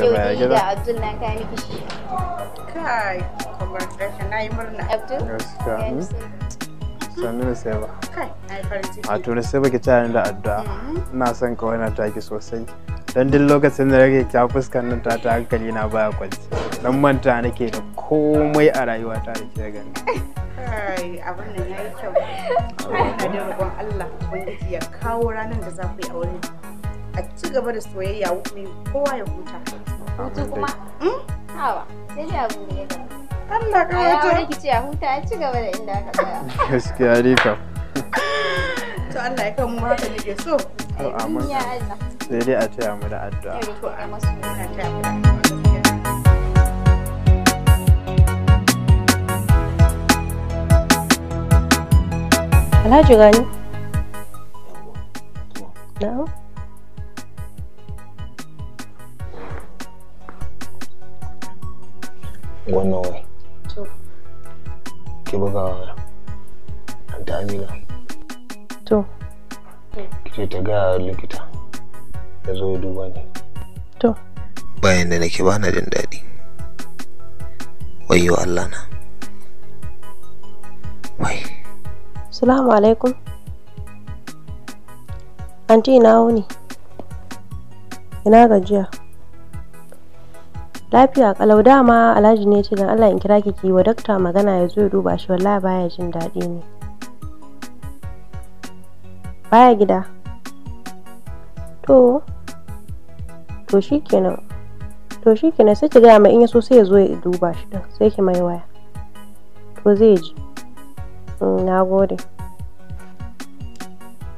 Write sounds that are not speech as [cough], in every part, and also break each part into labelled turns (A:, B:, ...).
A: yau da
B: abdul na murna hmm? sai ba
A: a tuni sai baki tare da addu'a mm-hmm. ina son kawai na taki sosai don duk lokacin da rage kya fuskan nan ta ta hankali na baya kwanci don manta nake da komai a rayuwa ta da ke gani
B: kai abin da ya yi kyau a da roƙon Allah ubangiji ya kawo ranar da za ku yi a wurin a ci gaba da soyayya kowa ya huta hutu kuma hawa hmm? sai abu ne Allah ka wato ya a huta ya ci gaba da inda aka tsaya [laughs] gaskiya ne to Allah ya kan mu haka nake so
A: to amin ya Allah
B: sai dai a taya mu da addu'a to a masu mu
A: Alhaji Gani. Na'am.
C: wannan wai ki buga waya ta amina to ke ta ga likita ya zo ya duba ni
A: to bayan da nake bana jin daɗi wayo Allah na wai salamu alaikum anti ina wuni ina gajiya lafiya kalau dama alhaji ne ce dan allah in kira kiki wa dakta magana ya zo ya duba shi wallahi baya jin daɗi ne baya gida to to kenan to kenan sai ki gaya ma in ya so sai ya zo ya duba shi din sai ki mai waya to zai ji mm, na gode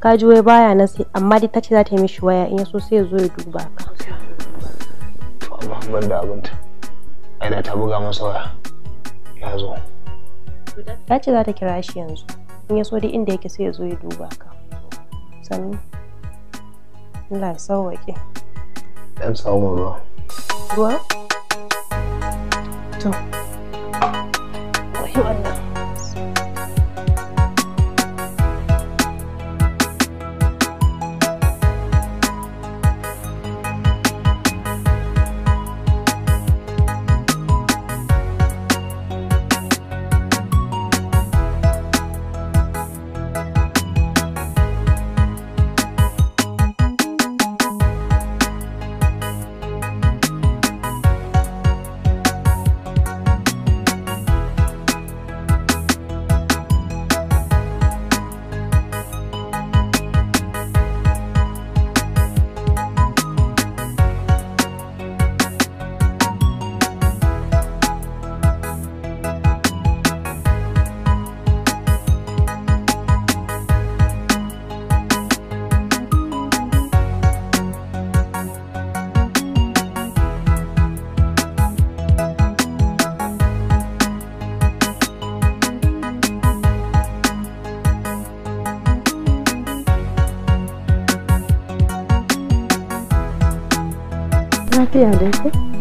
A: kaji wai baya na sai amma dai ta ce za ta yi mishi waya in ya so sai ya zo ya duba ka
C: ban da abinta aida ta buga masa waya ya zo
A: ta ce za ta kira shi yanzu in ya so duk inda yake sai ya zo ya duba ka sannu Allah ya sauwaƙe
C: dan samu ruwa
A: ruwa to Allah
B: आ हैं देखो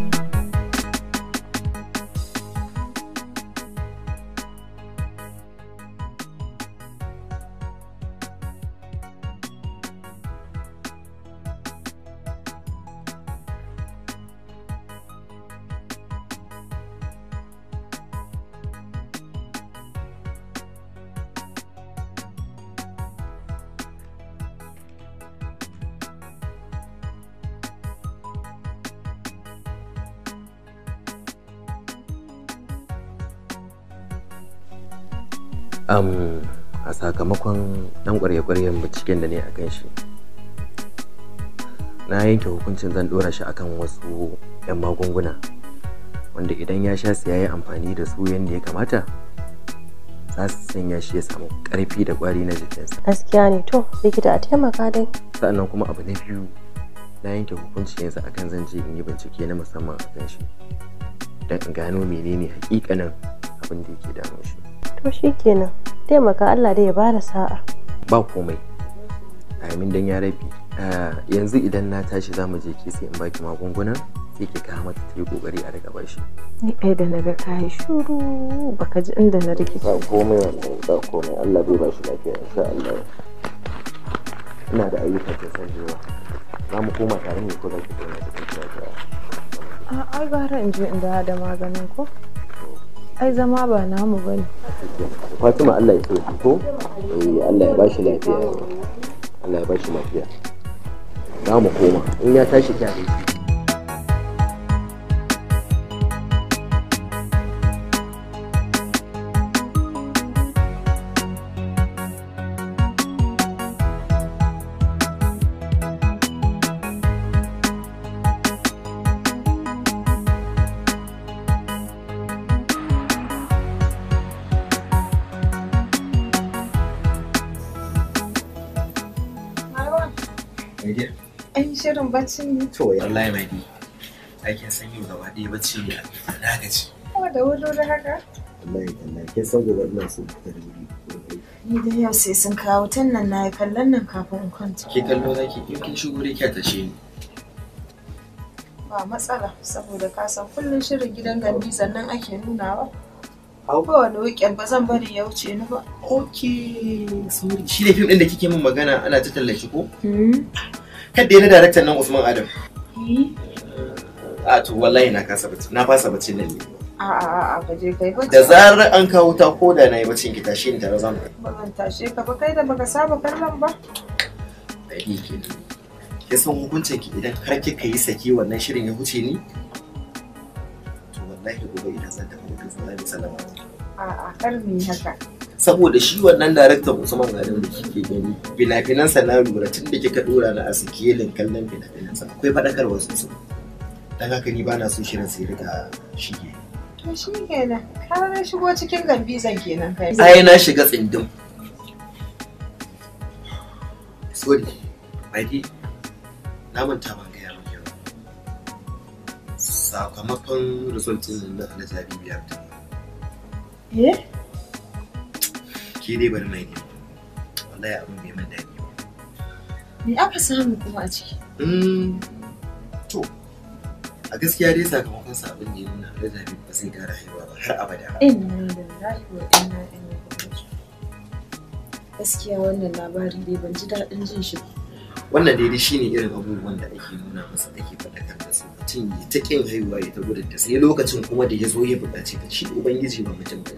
C: sakamakon ɗan kwarye kwaryen binciken da ne a kan shi na yanke hukuncin zan ɗora shi akan wasu 'yan magunguna wanda idan ya sha su ya amfani da su yadda ya kamata za su sanya shi ya samu karfi da kwari na jikinsa
A: gaskiya ne to likita a taimaka dai
C: sa'annan kuma abu na biyu na yanke hukuncin yanzu akan zan je in yi bincike na musamman akan shi don in gano menene hakikanin abin da yake damun shi
A: to shikenan taimaka Allah da ya bada sa'a
C: ba komai amin dan ya rabi ah, yanzu idan na tashi za mu je ke sai in baki magunguna sai ki ka mata ta yi kokari a daga bashi
B: ni ai da na ka kai shuru baka ji inda na rikice
C: ba komai wallahi ba komai Allah zai ba shi lafiya insha Allah ina da ayyuka ta san yawa za mu koma tare ne ko za ki koma da kanta
B: a'a gara in je in da maganin ko ai zama ba namu ne.
C: fatima allah ya sauki ko eh, allah ya bashi lafiya allah ya bashi lafiya za mu koma in ya tashi kya mai dear.
B: An shirin bacci ne. To
C: wallahi mai dear. Aikin san yau gaba ɗaya bacci ne a na gaji.
B: Kuma da wuri da haka?
C: Wallahi wallahi ke san gobe ina so fita da wuri.
B: Ni da yau sai sun kawo tun nan na yi kallon nan kafin in kwanta. Ke kallo na
C: ki in kin shigo dai kya tashe ni.
B: Ba matsala saboda ka san kullum shirin gidan gandiza nan ake nunawa. kowane weekend ba zan bari ya wuce ni ba. Ok, sorry.
C: Shi ne fim ɗin da kike min magana ana ta tallashi ko? Hmm. Kadda ya na daraktan nan Usman Adam.
B: Eh?
C: A to wallahi na kasa bacci, na fasa bacci nan ne.
B: A'a ba je kai bacci. Da zarar
C: an kawo ta da na yi baccin ki tashi ni tare zan.
B: Ba zan tashe ka ba kai da baka saba kallon ba.
C: Dari kenan. Ke san hukuncin ki idan har kika yi saki wannan shirin ya huce ni? wallahi gobe idan zan tafi hutu ba zan sallama
B: a'a kar mu yi haka
C: saboda shi wannan daraktan musamman ga da kike gani fina sa na lura tun da kika dora na a sikelin kallon fina sa akwai wasu sosai dan haka ni bana so shirin sai riga shige
B: to shi kenan har na shigo cikin gambizan kenan kai ai
C: na shiga tsindin sorry bai na manta ban gaya sakamakon result din na alhaji biya ta fita eh Ki dai bari mai ne wallahi abin bai min daɗi ba
B: me aka samu kuma a ciki
C: hmm, to a gaskiya dai sakamakon sabon ne nuna na habibu ba zai gara haihuwa ba har abada ba
B: inna lillahi wa inna ilaihi raji'un gaskiya wannan labari dai ban ji daɗin jin shi ba
C: wannan daidai shi ne irin abubuwan da ake nuna masa ake faɗakar da su mutum ya ta ƙin haihuwa ya ta gudun ta sai lokacin kuma da ya zo ya buƙaci ka ci ubangiji ba mutum ba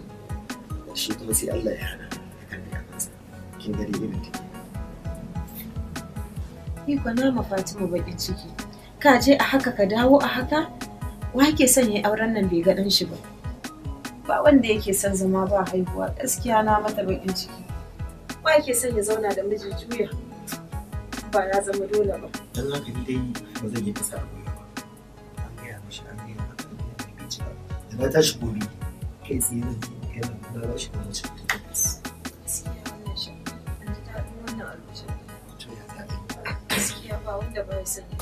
C: shi kuma sai Allah ya hana ya da ya kansa kin gari irin ta
B: ni ko na ma Fatima baƙin ciki ka je a haka ka dawo a haka wa ke son yi auren nan bai ga dan shi ba ba wanda yake son zama ba haihuwa gaskiya na mata bakin ciki wa ke son ya zauna da miji juya ba ya zama dole ba
C: dan haka ni dai ba zan yi fasa abu ba an gaya mishi an gaya maka an gaya maka ci ba da na tashi gobe kai tsaye zan je kai zan kuma da
B: shi da mace ta tabbas gaskiya wannan shi an ji daɗin wannan albishir to ya zaɓi gaskiya ba wanda ba ya sani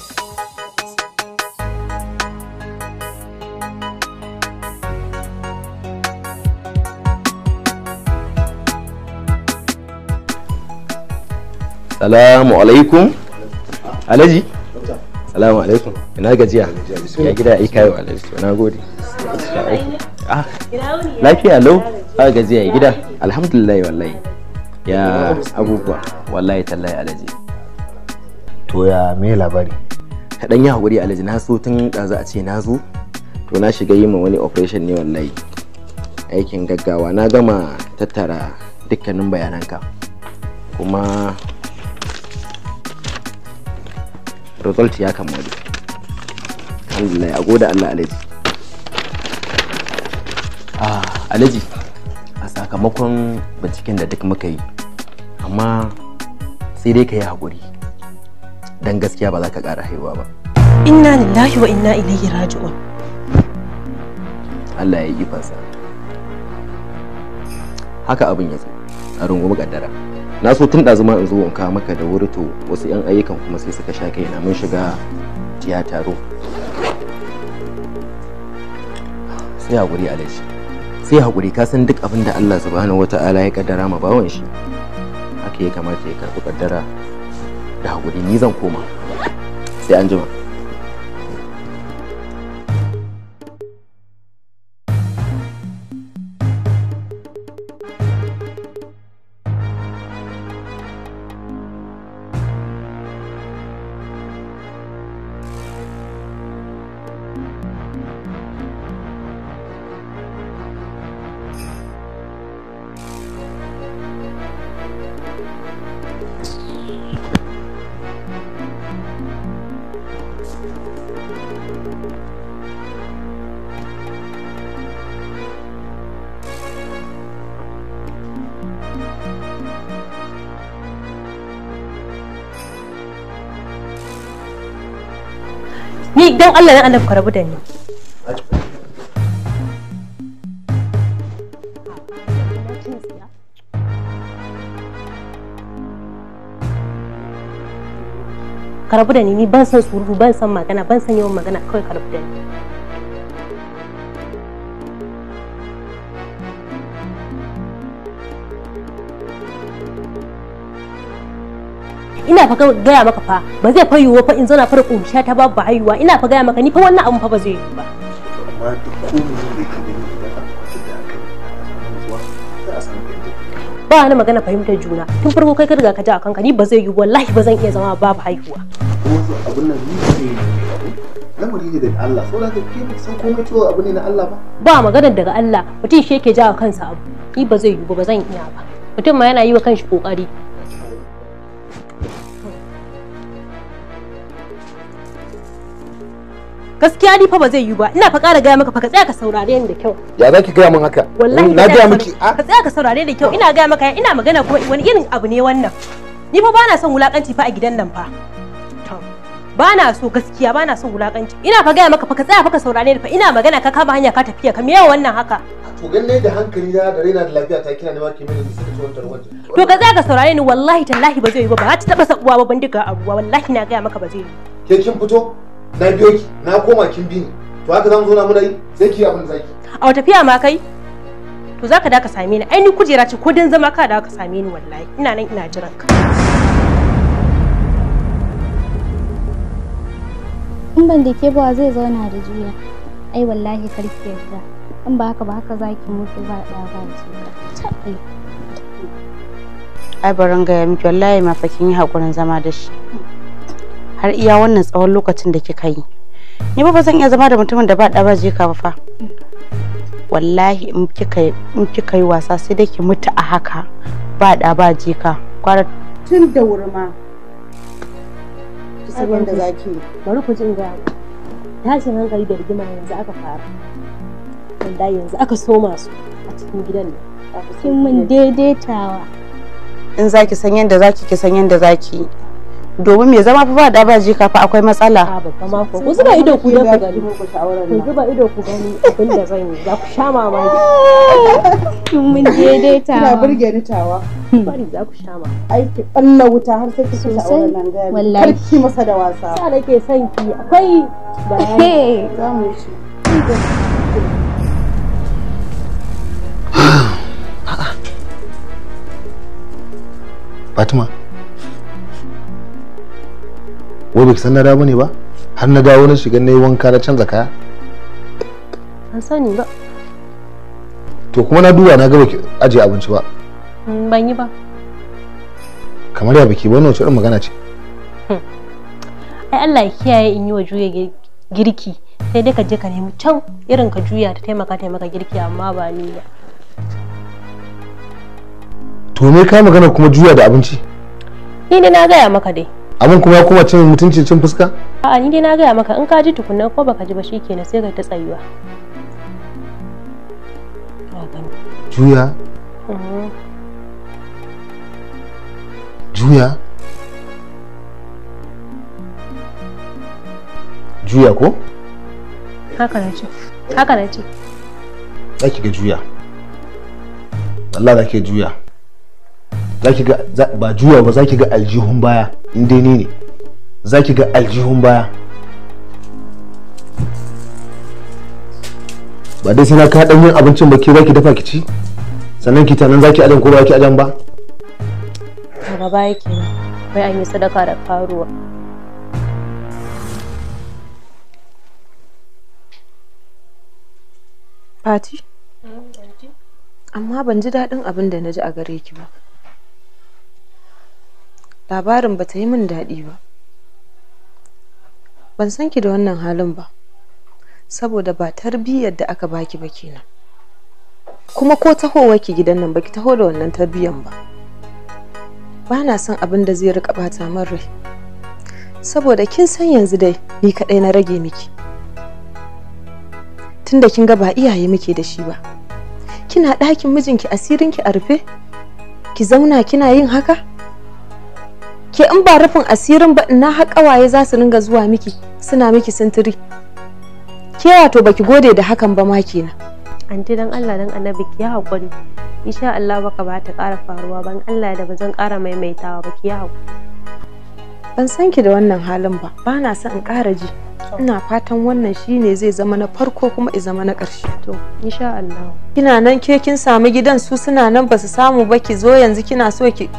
C: salamu alaikum alaji salamu alaikum ina gajiya ya gida ya kayo alaji na gode ah, lafiya lo? a gajiya ya gida alhamdulillah wallahi ya abubuwa wallahi tallahi alaji to ya me labari dan yi hakuri alaji na so tun ɗazu a ce na zo to na shiga yi ma wani operation ne wallahi aikin gaggawa na gama tattara dukkanin bayananka kuma result ya kammalu alhamdulillah a goda Allah alaji ah alaji a sakamakon binciken da duk muka yi amma sai dai ka yi haƙuri don gaskiya ba za ka ƙara haihuwa ba inna lillahi
A: wa inna ilaihi raji'un
C: Allah ya yi ifansa haka abin ya tsaye a rungumi kaddara na so tun zuma in zo in kawo maka da wuri wasu 'yan ayyukan kuma sai suka sha kai na mun shiga tiyata ro sai haƙuri alaji sai hakuri ka san duk abin da Allah subhanahu wata'ala ya kaddara ma bawan shi haka ya kamata ya karɓi kaddara da hakuri ni zan koma sai an jima
A: ni dan Allah dan Allah ka rabu da ni ka rabu da ni ni ban san surufu ban san magana ban san yawan magana kawai ka rabu da ni ina fa gaya maka fa ba zai fa yiwu fa in zauna fa da kumsha ta babu haihuwa ina fa gaya maka ni fa wannan abun fa ba zai yiwu ba
C: amma duk da
A: ba ni magana fahimtar juna tun farko kai ka riga ka ji a kanka ni ba zai yi wallahi ba zan iya zama babu haihuwa
C: abun nan ni lamari ne daga Allah so da
A: kake san komai cewa abu ne na Allah ba ba magana daga Allah mutum shi yake jawo kansa abu ni ba zai yi ba zan iya ba mutum ma yana yi wa kanshi kokari gaskiya ni fa ba zai yi ba ina fa kara gaya maka fa ka tsaya ka saurare ni da kyau
C: ya za ki gaya min haka wallahi na gaya miki
A: ka tsaya ka saurare da kyau ina gaya maka ina magana kuma wani irin abu ne wannan ni fa bana son wulakanci fa a gidan nan fa bana so gaskiya bana son wulakanci ina fa gaya maka fa ka tsaya fa ka saurare ni fa ina magana ka kama hanya ka tafiya ka miyawa wannan haka
C: to ganne da hankali na da raina da lafiya ta kina nema ki mini da suka tuwantar wajen to ka
A: tsaya ka saurare ni wallahi tallahi ba zai yi ba ba ta taba sabuwa ba bindiga abuwa wallahi na gaya maka ba zai yi
C: ke kin fito na biyo ki na koma kin bi ni to haka zamu zo na muna yi sai ki abin zaki
A: a wata tafiya ma kai to zaka da ka same ni ai ni kujera ce ko dan zama ka da ka same ni wallahi ina nan ina jiran ka in ban da ke ba zai zauna da juna ai wallahi karki yarda in ba haka ba haka zaki mutu ba da ba ce ai barin gaya ya miki wallahi ma fakin yi hakurin zama da shi har iya wannan tsawon lokacin da kika yi ni ba zan iya zama da mutumin da ba da ba je ka fa wallahi in kika in kika yi wasa sai dai ki mutu a haka ba da ba je ka kwara
B: tun da wurma
A: ki san wanda zaki bari ku jin ga tashin hankali da rigima yanzu aka fara wanda yanzu aka soma su a cikin gidan nan kin mun daidaitawa in zaki san yanda zaki ki san yanda zaki domin me zama fa ba da ba jika fa akwai matsala ku zuba ido ku da ku gani ku zuba ido ku gani abin da zan yi za ku sha mamaki
B: kin mun daidaita ina burge ni tawa hmm. bari za ku sha mamaki
A: ai ki balla wuta har sai ki so auren nan ga wallahi ki masa da wasa sa nake son ki akwai bayani za mu ci [sighs]
C: Fatima wai bai san na dawo ne ba har na dawo na shiga na yi wanka na canza kaya
A: ban sani ba to kuma na duba na ga baki ajiye abinci ba mm, ban yi ba kamar ya baki wannan wace irin magana ce hmm. ai Allah ya kiyaye in yi wa juya girki sai dai ka je ka nemi can irin ka juya ta taimaka taimaka girki amma ba ni ba
C: to me ka magana kuma juya da abinci
A: ni ne na gaya maka dai
C: abin kuma ya kuma cin mutunci cin fuska
A: a'a ni dai na gaya maka in ka ji tukunna ko baka ji ba shikenan sai ga ta tsayuwa juya mm-hmm. juya juya ko haka na ce haka na ce
C: za ki ga juya Allah da ke juya zaki ga ba juya ba zaki ga aljihun baya in dai ne zaki ga aljihun baya ba dai sai na ka yin abincin ba ke zaki dafa ki ci sannan ki tanan zaki ajan ko ba ki ajan ba
A: ba baya kenan bai an yi sadaka da
B: karuwa mm, Fati? Amma ban ji daɗin abin da na ji a gare ki ba. labarin ba ta yi min daɗi ba ban san ki da wannan halin ba saboda ba tarbiyyar da aka baki ba kenan kuma ko tahowa ki gidan nan baki taho da wannan tarbiyyar ba ba na son abin da zai rika bata min rai saboda kin san yanzu dai ni kaɗai na rage miki tunda kin ga ba iyaye muke da shi ba kina ɗakin mijinki asirinki a rufe ki zauna kina yin haka ke in ba rufin asirin ba ina har kawaye za su ringa zuwa miki suna miki sintiri ke wato baki gode da hakan ba ma kenan
A: anti dan Allah dan annabi ki ya haƙuri insha Allah baka ba ta ƙara faruwa ban Allah da bazan ƙara maimaitawa ba ki ya haƙuri
B: ban san ki da wannan halin ba ba na son in ƙara ji ina fatan wannan shine zai zama na farko kuma i zama na ƙarshe to insha Allah kina nan ke kin samu gidan su suna nan ba su samu ba ki zo yanzu kina so ki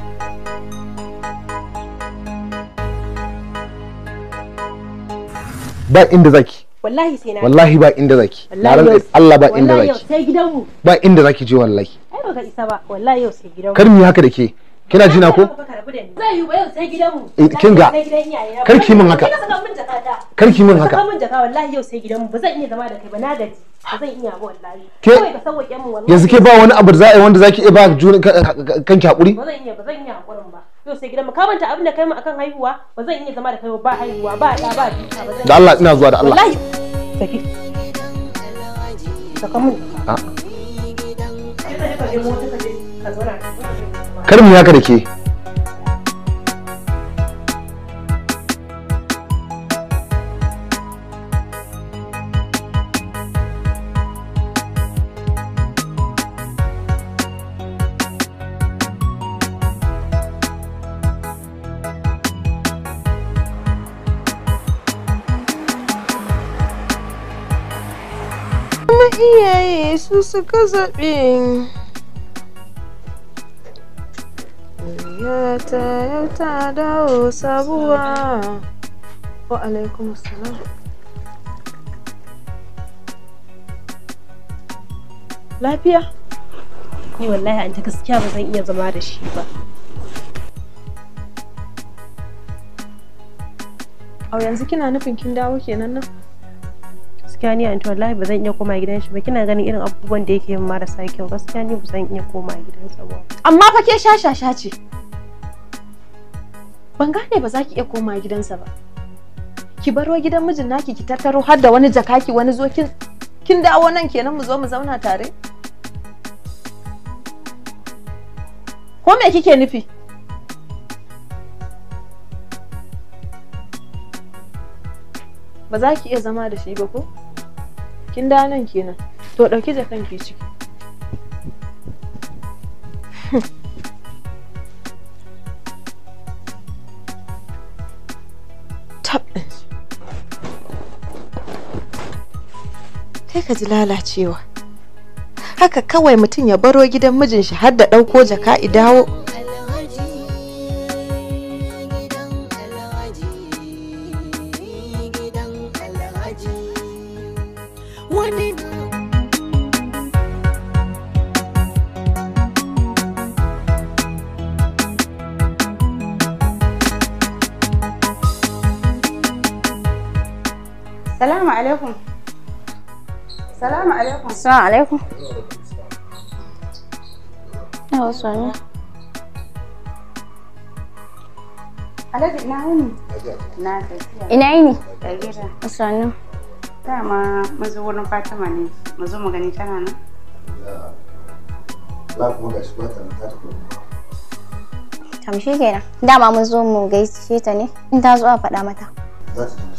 A: ba inda zaki wallahi sai na wallahi ba inda zaki wallahi Allah ba inda zaki wallahi sai gidanmu ba inda zaki je wallahi ai baka isa ba wallahi yau sai gidanmu kar mu
C: haka da ke kina jina ko
A: zai yi ba yau sai gidanmu eh, kin ga kar ki min haka kar ki min haka kar min jaka wallahi yau sai gidanmu ba zan iya zama da kai ba na da zan iya ba wallahi kawai yanzu ke ba
C: wani abu da za a yi wanda zaki iya ba kanki haƙuri ba
A: zan iya ba zan iya haƙurin ba yau sai gidan mu ka abin da kai mu akan haihuwa ba zan iya zama da kai ba haihuwa ba ba da
C: Allah ina zuwa da Allah
A: wallahi saki saka
C: ah. a kar mu ya ka da ke
B: su suka zaɓe yata yata dawo sabuwa wa alaikum salam
A: lafiya ni wallahi an ta
B: gaskiya ba zan iya zama da shi ba a yanzu kina nufin kin dawo kenan nan gaskiya ni
A: anti wallahi ba zan iya koma gidan shi ba kina ganin irin abubuwan da yake yin marasa kyau gaskiya ni ba zan iya koma sa ba
B: amma fa ke shashasha ce ban gane ba za ki iya koma sa ba ki baro gidan mijin naki ki tattaro har da wani jakaki wani zo kin kin dawo nan kenan mu zo mu zauna tare ko me kike nufi ba za ki iya zama da shi ba ko In danan kenan to ɗauki jakan ki ciki kai [laughs] ka ji lalacewa haka kawai mutum ya baro gidan mijin shi har da ɗauko jaka i dawo alaikum. Salamu alaikum. Salamu alaikum. sami. ina yini? Na tafiya. Ina yini? Dama mun wurin Fatima ne, mu mu gani tana nan.
C: Za kuma nan
A: ta tafi. kenan. Dama mun zo mu gaishe ta ne. In ta zo a faɗa mata. Za ta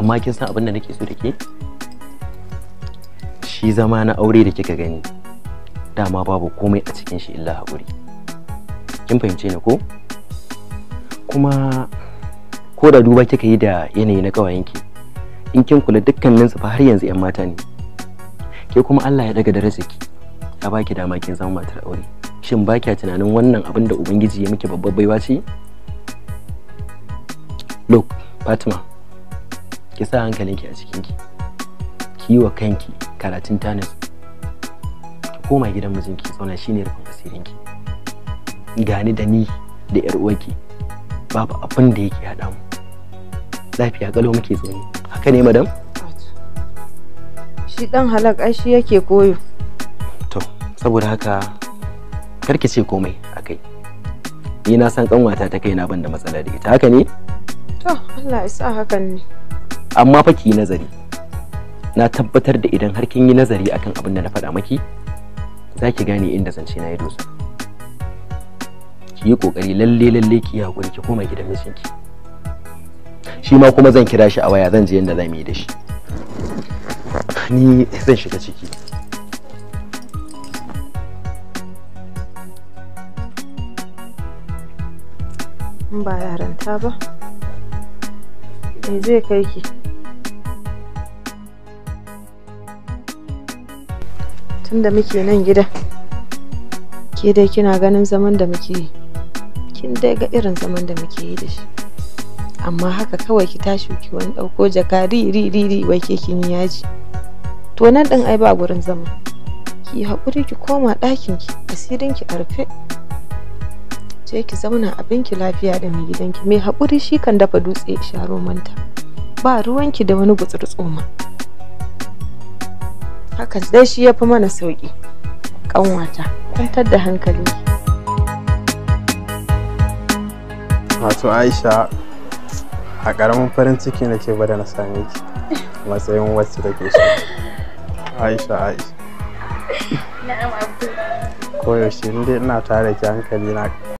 C: amma kin san abin da nake so da ke shi zama na aure da kika gani dama babu komai a cikin shi illa haƙuri kin fahimce ni ko kuma ko da duba kika yi da yanayi na ƙawayenki in kin kula dukkan su fa har yanzu 'yan mata ne ke kuma Allah ya daga daraja ki a baki dama kin zama matar aure shin baki a tunanin wannan abin da ubangiji ya miki babbar baiwa ce look fatima ki sa hankalinki a cikinki ki yi wa kanki karatun tanis ki koma gidan mijinki zauna shine rufin asirinki gani da ni da yar uwarki babu abin da yake hada mu lafiya kalau muke zaune haka ne madam
B: shi dan halak ai shi yake koyo
C: to saboda haka karki ce komai akai ni na san kanwata ta kaina ban da matsala da ita haka ne
B: to Allah ya sa hakan ne
C: amma fa ki nazari na tabbatar da idan har kin yi nazari akan abin da na faɗa maki za ki gane inda zance na yi dosa ki yi kokari lalle lalle ki yi hakuri ki koma gidan mijinki shi ma kuma zan kira shi a waya zan je yadda za mu yi da shi ni zan shiga ciki
B: ba yaranta ba me zai kai tunda muke nan gida? ke dai kina ganin zaman da muke yi kin dai ga irin zaman da muke yi da shi amma haka kawai ki tashi ki wani ɗauko jaka ri ri ri ri wai ke kin yaji to nan ɗin ai ba gurin zama ki haƙuri ki koma ɗakin ki asirin ki a rufe je ki zauna abin ki lafiya da mai gidanki mai haƙuri shi kan dafa dutse sharo manta ba ruwanki da wani gutsur tsoma hakan dai shi ya fi mana sauki ƙanwata kwantar da hankali
A: wato aisha a ƙaramin farin ciki na ke bada na same ki matsayin wacce da ke so aisha aisha na'am koyaushe inda ina tare ki hankali na